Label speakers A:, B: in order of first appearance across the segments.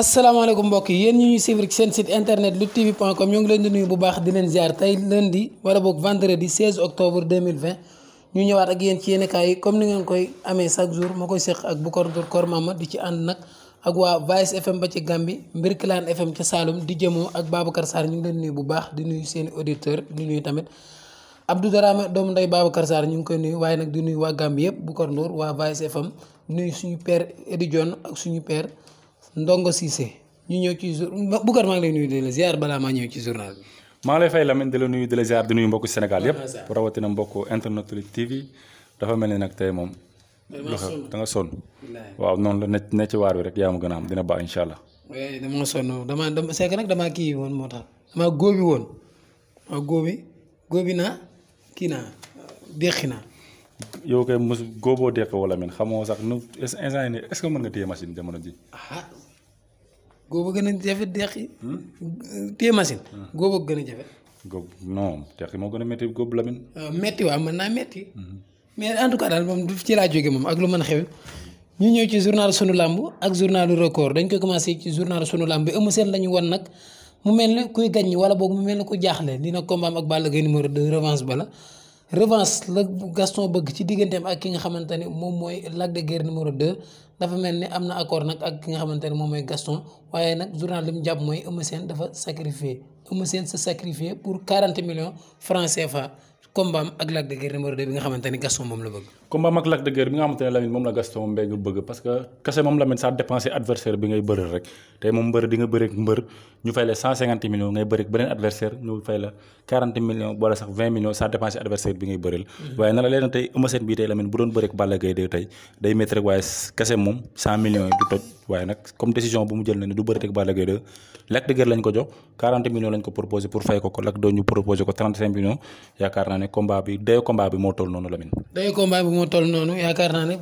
A: asalaamaaleykum mbokk yi yéen ñu ñuy suivre ci seen site internet lu tv point com ñoo ngi leen di nuyu bu baax di leen ziar tey lundi wala boog vendredi 16 octobre 2020 ñu ñëwaat ak yéen ci yéen kaay yi comme ni ngeen koy amee chaque jour ma koy seq ak Boucar Ndour Kor Mama di ci ànd nag ak waa Vice FM ba ci Gambie Mbirkilaan FM ca Saalum di jëmoo ak Babacar Sarr ñu ngi leen nuyu bu baax di nuyu seen auditeur di nuyu tamit Abdou Darame doomu ndey Babacar Sarr ñu ngi koy nuyu waaye nag di nuyu waa Gambie yëpp Boucar Ndour waa Vice FM nuyu suñu père Edi Dione ak suñu père Ndongo Cissé ñu ñëw ci jour Boucar maa ngi lay nuyu di la ziar balaa maa ñëw ci journal bi. maa ngi lay fay la
B: nuyu di la ziar di nuyu mbokku Sénégal yépp rawatina mbokku internet Lutte dafa mel ni nag tey moom.
A: da
B: nga waaw noonu la ci waar bi rek yaa ma am dina ba incha allah.
A: Eh, dama sonn dama dama c'est que nag damaa kii woon moo tax damaa góobi woon waaw góobi góobi naa kii naa deqi naa.
B: yow kay mos góoboo deqi wala min xamoo sax nu instant yii nii est-ce nga téye machine jamono jii ah,
A: góob a gën a jafe deqi. Hmm? téye machine. Hmm. góob a gën a jafe.
B: góob non deqi moo gën a métti góob Lamine.
A: Ah, métti hmm. mais en tout cas daal moom du ci laa jógee moom ak lu mën a xew. ñu ñëw ci journal sunu làmb ak journalu record dañ koy commencé ci journal sunu làmb bi Eumeu Sène ñu wan nag mu mel ne kuy gàññi wala boog mu mel ne ku jaaxle li nag combat am ak Balla Gaye numéro ba la revanche la Gaston bëgg ci digganteem ak ki nga xamante ne moom mooy Lac de Guiers numéro dafa mel ni am na accord nag ak ki nga xamante ne moom mooy Gaston waaye nag journal li mu jàpp mooy Eumeu Sène dafa sacrifié Eumeu Sène sa sacrifié pour 40 millions francs CFA. combat am ak Lac de Guiers numéro 2 bi nga xamante Gaston moom la bëgg. combat am
B: ak Lac de bi nga xamante ne moom la Gaston Mbengue bëgg parce que kese moom Lamine ça dépensé adversaire bi ngay bëreel rek tey moom mbër di nga bëreeg mbër ñu fay la 150 millions ngay bëreeg beneen adversaire mm-hmm. waaye na la leen tey Eumeu Sène bii tey Lamine bu doon bëreeg Balla Gaye de tey day métti rek waaye kese moom 100 millions yi du toj waaye nag comme ne combat bi dayo combat bi moo toll noonu Lamine.
A: dayo combat bi moo toll noonu yaakaar naa ne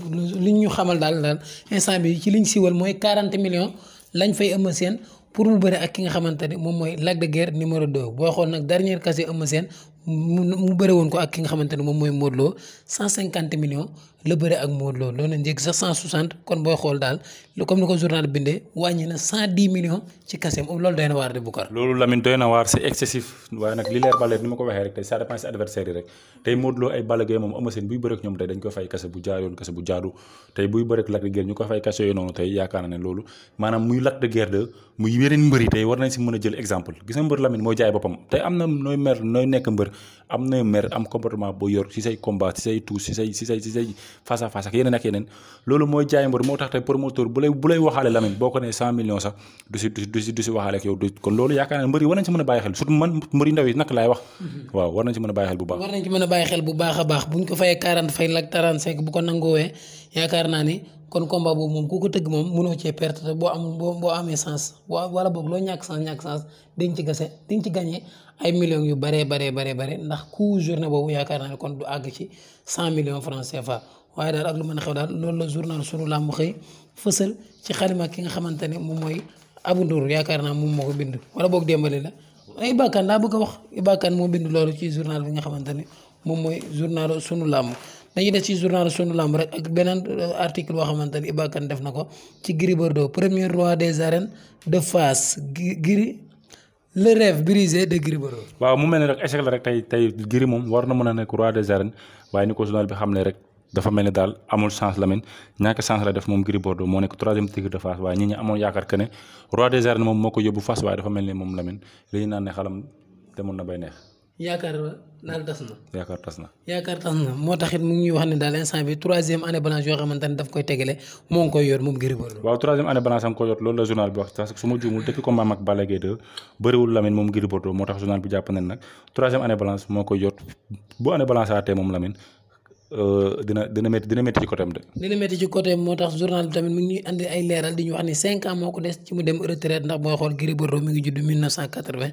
A: li ñu xamal daal daal instant bi ci liñ siwal mooy 40 millions lañ fay Eumeu Sène pour mu bëri ak ki nga xamante ne moom mooy Lac de Guiers numéro 2 boo xool nag dernière casier Eumeu Sène mu mu bëri woon ko ak ki nga xamante ne moom mooy Modou Lo 150 millions. la bëre ak Modou Lo loolu la njëg sax 160 kon booy xool daal comme ni ko journal bindee wàññi na 110 millions ci kaseem oh, loolu
B: doy na waar di Boucar. loolu Lamine doy na waar c'est excessif waaye nag li baleer ni ma ko waxee rek tey ça dépend adversaire rek tey Modou ay Balla moom Eumeu Sène buy bëre ñoom tey dañ ko fay kase bu jaar yoon kase bu jaadu tey buy bëre ak Lac ñu ko fay kase yooyu noonu tey yaakaar na ne loolu am na mer am comportement boo yor si say combat si say tuus si say si say si yeneen ak yeneen loolu mooy jaay mbër moo tax tey promoteur bu lay waxaale Lamine boo ko nee cent millions sax du si du si waxaale kon loolu yaakaar naa a bàyyi xel surtout a mhm. a
A: bàyyi a baax buñ bu ko nangoowee yaakaar naa ni kon combat boobu moom ku ko tëgg moom mënoo cee perte boo am boo boo amee sens wala boog loo ñàkk sens ñàkk sens dañ ci gase dañ ci gagné ay millions yu baree baree baree bare ndax ku journée boobu yaakaar naa ne du àgg ci cent millions franc CFA waaye daal ak lu mën a xew daal loolu la journal sunu làmb xëy ne moom mooy Abou Ndour yaakaar naa moom moo ko bind wala boog démbali la Iba Kane laa bëgg a wax Iba Kane moo bind loolu ci bi nga xamante ne moom mooy journal sunu làmb dañuy def ci journal sunu làmb rek ak beneen euh, article boo xamante ne Iba Kane def na ko ci Gris Bordeaux premier roi des de Fass Gris le rêve brisé de Gris
B: waaw mu mel ni rek échec la rek tey tey Gris moom war na mën a nekk roi des arènes waaye ni ko journal bi xam ne rek dafa mel ni daal amul chance la mel ñàkk chance la def moom Gris Bordeaux moo nekk troisième tigre de Fass waaye ñi amoon yaakaar que roi des arènes moom moo ko yóbbu Fass waaye dafa mel ni moom la mel li ñu naan ne xalam demoon na bay neex.
A: yaakaar daal tas na. yaakaar tas na. yaakaar tas na moo taxit mu ngi wax ne daal instant bi troisième année balance yoo xamante daf koy tegale moo ngi koy yor moom Gris
B: moo tax journal bi jàpp nag troisième année balance moo koy yor bu année balance aatee moom Lamine. Euh, dina dina ci côté de.
A: dina métti ci côté moo tax journal bi tamit mu ngi ñuy ay leeral di ñu wax ni 5 ans moo ko des ci mu dem retraite ndax booy xool Gris Bordeaux mi ngi judd 1980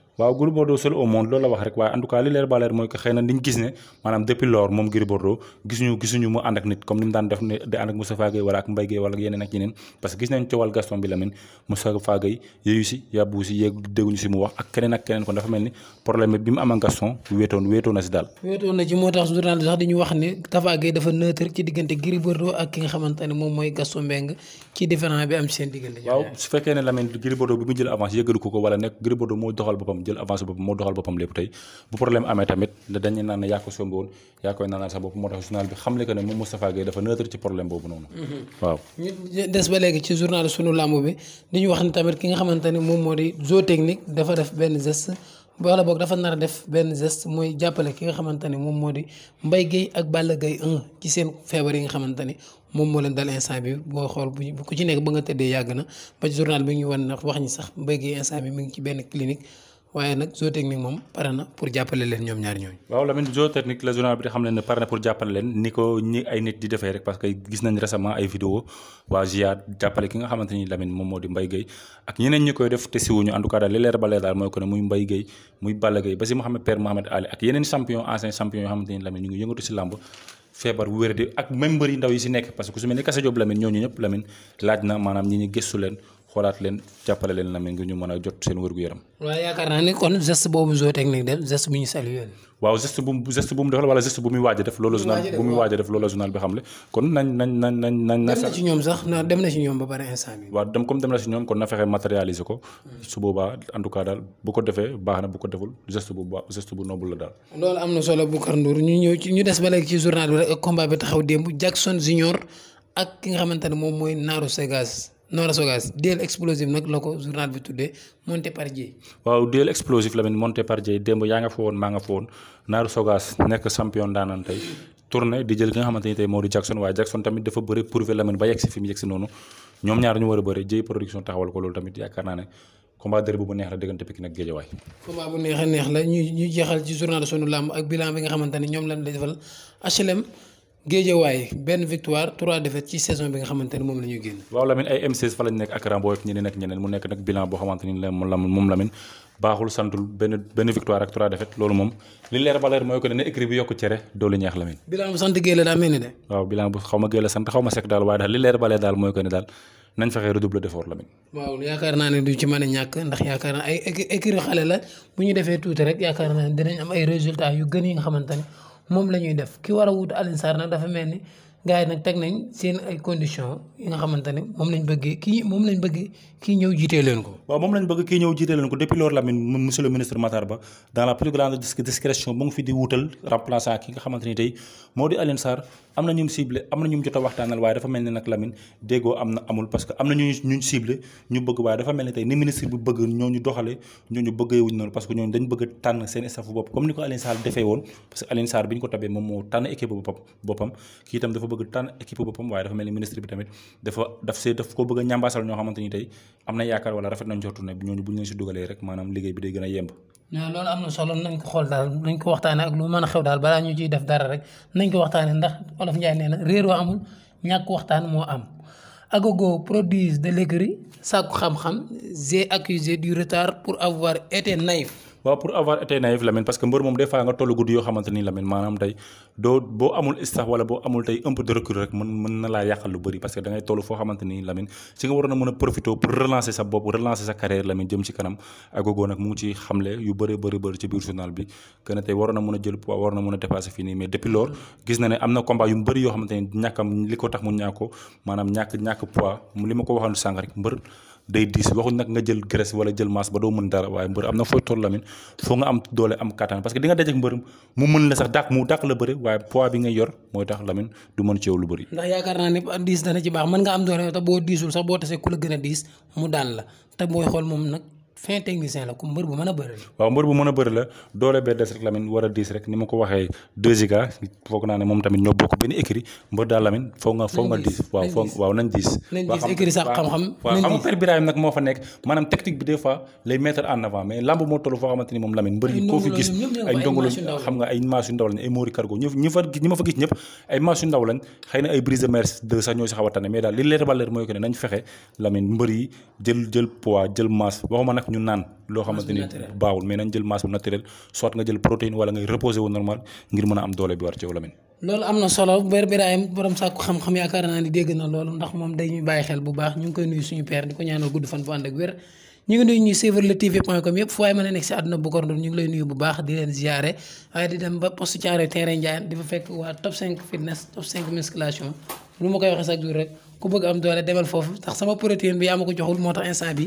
A: waaw
B: Gris Bordeaux seul au monde loolu la wax rek waaye en tout cas li leer ba mooy que xëy na gis ne maanaam depuis lors moom Gris gisuñu gisuñu mu ànd ak nit comme ni mu daan def mel ni problème bi mu am ak Gaston wéetoon wéetoon si daal
A: wéetoon na ci moo tax journal bi sax dañu wax ne Tapha Gueye dafa neutre ci diggante Gris ak ki nga moom mooy Gaston Mbengue ci différent bi am seen diggante
B: waaw su fekkee ne Lamine Gris bi mu jël avance boppam jël avance boppam moo doxal boppam lépp tey bu problème amee tamit ne dañu naan ne yaa ko somb woon moo tax xam le que moom Moustapha Gueye dafa mm-hmm.
A: ni tamit moo di zoo technique dafa def benn geste wala boog dafa nar def benn geste mooy jàppale ki nga xamante ni moom moo di Mbaye Gueye ak Balla Gaye 1 ci seen feebar yi nga xamante ni moom moo leen dal instant bi boo xool bu ku ci nekk ba nga tëddee yàgg na ba journal bi ñu wan wax ñi sax Mbaye Gueye instant bi mi ngi ci benn clinique waaye nag zootechnique moom pare na pour jàppale leen ñoom ñaar ñooñu. waaw Lamine
B: zootechnique la journal bi di xam leen ne pare na pour jàppale leen ni ko ñi ay nit di defee rek parce que gis nañ récemment ay vidéo waa GIA jàppale ki nga xamante ni Lamine moom moo di Mbaye Gueye ak ñeneen ñi koy def te siwuñu en tout cas daal li leer ba leer daal mooy ko ne muy Mbaye Gueye muy Balla Gueye ba si Mouhamed Père Mouhamed Ali ak yeneen champion ancien champion yoo xamante xoolaat leen jàppale leen Lamine ngir ñu mën a jot seen wér yaram
A: waaw yaakaar naa ne kon geste boobu Joe Technique def geste
B: kon nañ nañ nañ na ci ñoom
A: sax na ba pare instant bi.
B: waaw dem comme dem na ci na fexe matérialiser ko. su boobaa en tout cas daal bu ko na la daal.
A: loolu am na solo Boucar Ndour ñu ñëw ñu des ba léegi ci journal bi rek combat bi taxaw démb Jackson Junior ak ki nga xamante moom mooy Naaru Segas Noora Sogas duel explosif nag la ko journal bi tuddee Montparnasse.
B: waaw duel explosif la mel Montparnasse démb yaa nga fa woon maa nga fa woon Naaru Sogas nekk champion daanaan tey di jël ki nga xamante tey moo di Jackson waaye Jackson tamit dafa bëri prouvé la mel ba yegg si fi noonu ñoom ñaar ñu war a bëri jëy production taxawal ko loolu tamit yaakaar naa ne. combat derby bu bu neex
A: neex la ñuy ñuy ak bilan bi nga xamante géejewaay benn victoire trois défaites ci saison bi nga xamante moom la génn.
B: waaw Lamine ay m fa lañ nekk ak Rambo ak ñeneen ak ñeneen mu nekk nag bilan boo xamante moom Lamine baaxul santul benn victoire ak trois défaites loolu moom li leer ba mooy ko ne ne écrit bi yokku cere doolu ñeex Lamine.
A: bilan bu sant Guèye daa mel ni de.
B: waaw bilan bu xaw ma Guèye sant xaw ma Seck daal waaye daal li leer ba daal mooy ko ne daal nañ
A: fexe moom la ñuy def kii war a wuutu Alioune Sarr nag dafa mel ni gars yi nag teg nañ seen ay conditions yi nga xamante moom lañ bëggee kii moom lañ bëgg kii ñëw jiitee leen ko waaw moom lañ bëgg kii ñëw
B: jiitee leen ko depuis loolu Lamine monsieur le ministre Matar Ba dans plus grande discrétion mu ngi fi di wuutal remplaçant ki nga xamante tey moo di Alioune Sarr am na ñu ciblé am na ñu jot waxtaanal waaye dafa mel ni nag Lamine déggoo am na amul parce que am na ñu ñu ciblé ñu bëgg waaye dafa mel bëgg tànn équipe boppam waaye dafa mel ni ministre bi tamit dafa daf see daf koo bëgg a ñambaasal ñoo xamante ni tey am na yaakaar wala rafet nañ jortu ne bu ñu leen si dugalee rek maanaam liggéey bi day gën a yemb
A: waaw loolu am na solo nañ ko xool daal nañ ko waxtaane ak lu mën a xew daal balaa ñu ciy def dara rek nañ ko waxtaane ndax olof Njaay nee réeroo amul ñàkk waxtaan moo am Agogo produit de l'écurie sàkku xam-xam j'ai accusé du retard
B: pour waaw pour avoir été naïf Lamine parce que mbër moom des fois nga tollu guddi yoo xamante ni maanaam tey doo boo amul staff wala boo amul tey un peu de recul rek mën mën na laa yàqal lu bëri parce que da ngay toll foo xamante ni Lamine si nga waroon a mën a profiter pour relancer sa bopp relancer sa carrière Lamine jëm ci kanam Agogo nag mu ci xamle yu bëri bëri bëri ci biir journal bi que ne tey waroon a mën a jël poids waroon a mën a dépasser fii nii na ne am na combat yu mu bëri yoo xamante ni ñàkkam li ko tax mu ñàkk ko maanaam li ma ko waxoon sànq rek day diis waxuñ nag nga jël graisse wala jël masse ba doo mën dara waaye mbër am na fooy toll Lamine foo nga am doole am kattan parce que di dajeek mbër mu mën la sax dàq mu dàq la bëri waaye poids bi nga yor mooy tax Lamine du mën ci yow lu bëri.
A: ndax yaakaar naa ne diis dana ci baax mën nga am doole te boo diisul sax boo tasee ku la gën a diis mu daan la te booy xool moom nag fin technicien la ku mbër bu mën a bëri la.
B: waaw mbër bu mën a bëri la doole bee des rek Lamine war a diis rek ni ma ko waxee 2 giga foog naa ne moom tamit ñoo bokk benn écrit mbër daal Lamine foog nga diis waaw foog nañ diis nañ diis écrit
A: sax xam-xam waaw xam nga Père
B: Birahim nag moo fa nekk maanaam nga ay maas ndaw lañ ay Mori Cargo ñu fa ñi ma fa gis ñëpp ay maas ndaw lañ xëy na ay brise de mer sax ñoo si xaw a mais daal li leer ba leer mooy que nañ fexe Lamine mbër ñu naan loo xamante ni jël masse bu naturel soit nga jël protéine wala ngay reposé wu normal ngir mën a am doole bi war ci yow Lamine
A: loolu am na solo Ber Birahim borom sàkku xam-xam yaakaar naa ni dégg na loolu ndax moom dañuy bàyyi xel bu baax ñu ngi koy nuyu suñu père di ko ñaanal gudd fan bu ànd ak ñu ngi nuyu ñuy suivre tv point com yëpp fu waaye mën a nekk si àdduna bu ko ñu ngi lay nuyu bu baax di leen ziare waaye di dem ku bëgg am doole demal foofu ndax sama protéine bi yaa ma ko joxul moo tax instant bi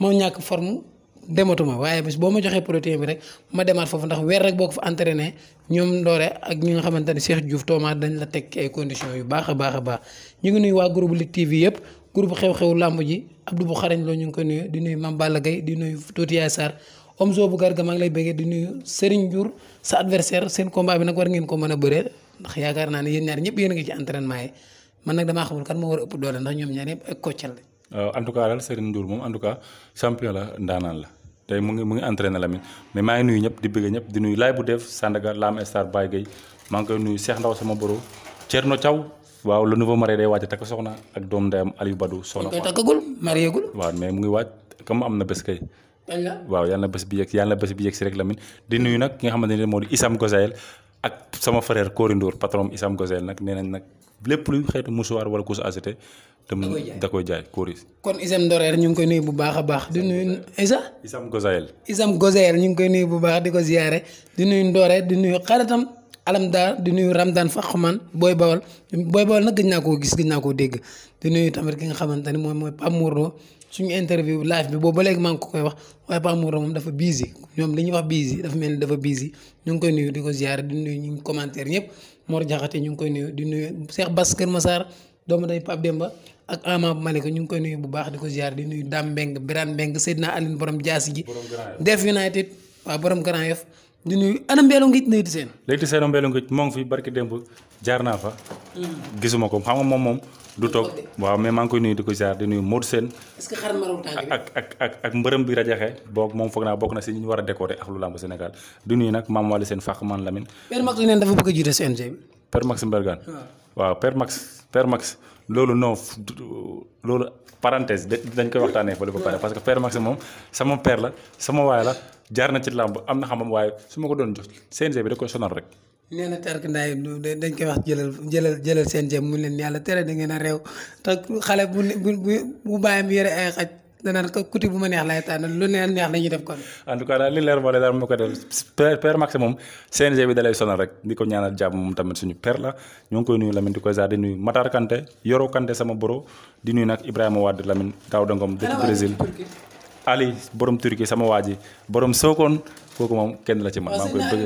A: moo ñàkk form dematuma waaye bis boo ma joxee protéine bi rek ma demaat foofu ndax weer rek boo ko fa entraîné ñoom doore ak ñi nga xamante ne Cheikh Diouf Thomas dañ la teg ay conditions yu baax a baax a baax ñu ngi nuy waa group Ligue TV yëpp groupe xew-xewu làmb ji Abdou bu xarañ loo ñu ngi ko nuyu di nuyu Mame Balla di nuyu Tuuti Yaay Sarr Omzo bu Garga maa ngi lay bëggee di nuyu Serigne Diour sa adversaire seen combat bi nag war ngeen ko mën a bëree ndax yaakaar naa ne yéen ñaar ñëpp yéen ngi ci entraînement yi man nag damaa xamul kan moo war a ëpp doole ndax ñoom ñaar yëpp ay koccal lañ.
B: Euh, en tout cas daal Serigne Ndour moom en tout cas champion la ndaanaan la mu ngi entre na entraîné Lamine mais maa ngi nuyu ñëpp di bëgg ñëpp di nuyu Laay bu def Sandaga Lam Star Baye Gueye maa ngi koy nuyu Cheikh Ndaw sama boro Thierno Thiaw waaw le nouveau marié day waaj a takk soxna ak doom ndeyam Aliou Badou soxna koy takkagul marié gul waaw mais mu ngi waaj comme am na bés kay waaw yàlla na bés bi yegg yàlla na bi yegg si rek Lamine di nuyu nag ki nga xamante ne moo di Isam Gosael ak sama frère Kori Ndour patron Isam Gosael nag nee nañ nag lépp luy xeetu mouchoir wala couche à jeter. da koy jaay kóoris.
A: kon Isam Ndoreer ñu ngi koy nuyu bu baax a baax. di nuyu Isa. Isam Gosael. Isam Gosael ñu ngi koy nuyu bu baax di ko ziyaare di nuyu Ndoreer di nuyu xaritam Alamda di nuyu Ramdan Faxman Boy Bawal Boy nag gëj naa koo gis gëj naa koo dégg di nuyu tamit ki nga xamante ni moom mooy Pape Mourou suñu interview live bi boobu ba léegi maa ngi ko koy wax waaye Pape Mourou moom dafa busy ñoom li ñuy wax busy dafa mel ni dafa busy ñu ngi koy nuyu di ko ziyaare di nuyu ñu commentaire ñëpp Mor Diakhaté ñu ngi koy nuyu di nuyu Cheikh Bass Kër Massar doomu day Pape Demba ak Ama Malika ñu ngi koy nuyu bu baax di ko ziar di nuyu Dame Mbengue Birane Mbengue naa Aline borom jaasi ji def United waaw borom Grand Yoff di nuyu ana mbeelu ngic lay di seen
B: léegi seen a mbeelu ngic moo ngi fi barki démb jaar naa fa gisuma ko xam moom moom du toog waaw mais maa ngi koy nuyu di ko jaar di nuyu Modou Sène ak ak ak ak mbërëm bi rajaxe boog moom foog naa bokk na si ñu war a décorer ak lu lamb Sénégal di nuyu nag maam Waly seen fàq man Lamine Père Max neen dafa bëgg a jiite CNG bi Père Max Mbergane waaw permax permax loolu non loolu parenthèse dañ koy waxtaanee fële ba pare parce que permax moom sama père la sama waay la jaar na ci làmb am na xam-xam waaye su ma ko doon jox CNG bi da koy sonal rek.
A: nee na tarkindaay dañ koy wax jëlal jëlal jëlal CNG mu leen yàlla tere da ngeen a réew te xale bu bu bu bàyyam yore ay xaj. danaan kuti bu ma neex laay tànn lu neex neex la ñuy def kon.
B: en tout cas daal li leer boole daal moo ko def père père Max moom CNG bi dalay sonal rek di ko ñaanal jàmm moom tamit suñu père la ñoo ngi koy nuyu Lamine di ko ziar di nuyu Matar kante Yoro Kanté sama boro di nuy nag Ibrahima Wade Lamine Daouda Ngom dëkk Brésil. Ali borom Turquie sama waa ji borom Sokone kooku moom kenn la ci man. maa ngi koy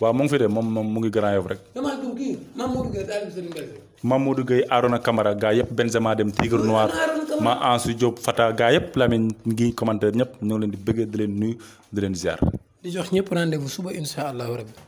B: waaw mu ngi fi de moom moom mu ngi Grand Yoff rek. Mamadou Gueye Arona Camara gaa yëpp Benzema dem Tigre Noir. ma Ansu Diop Fata gaa yëpp Lamine ngi commentaire ñëpp ñoo leen di bëggee di leen nuyu di leen ziar.
A: di jox ñëpp rendez-vous suba incha allahu rabbi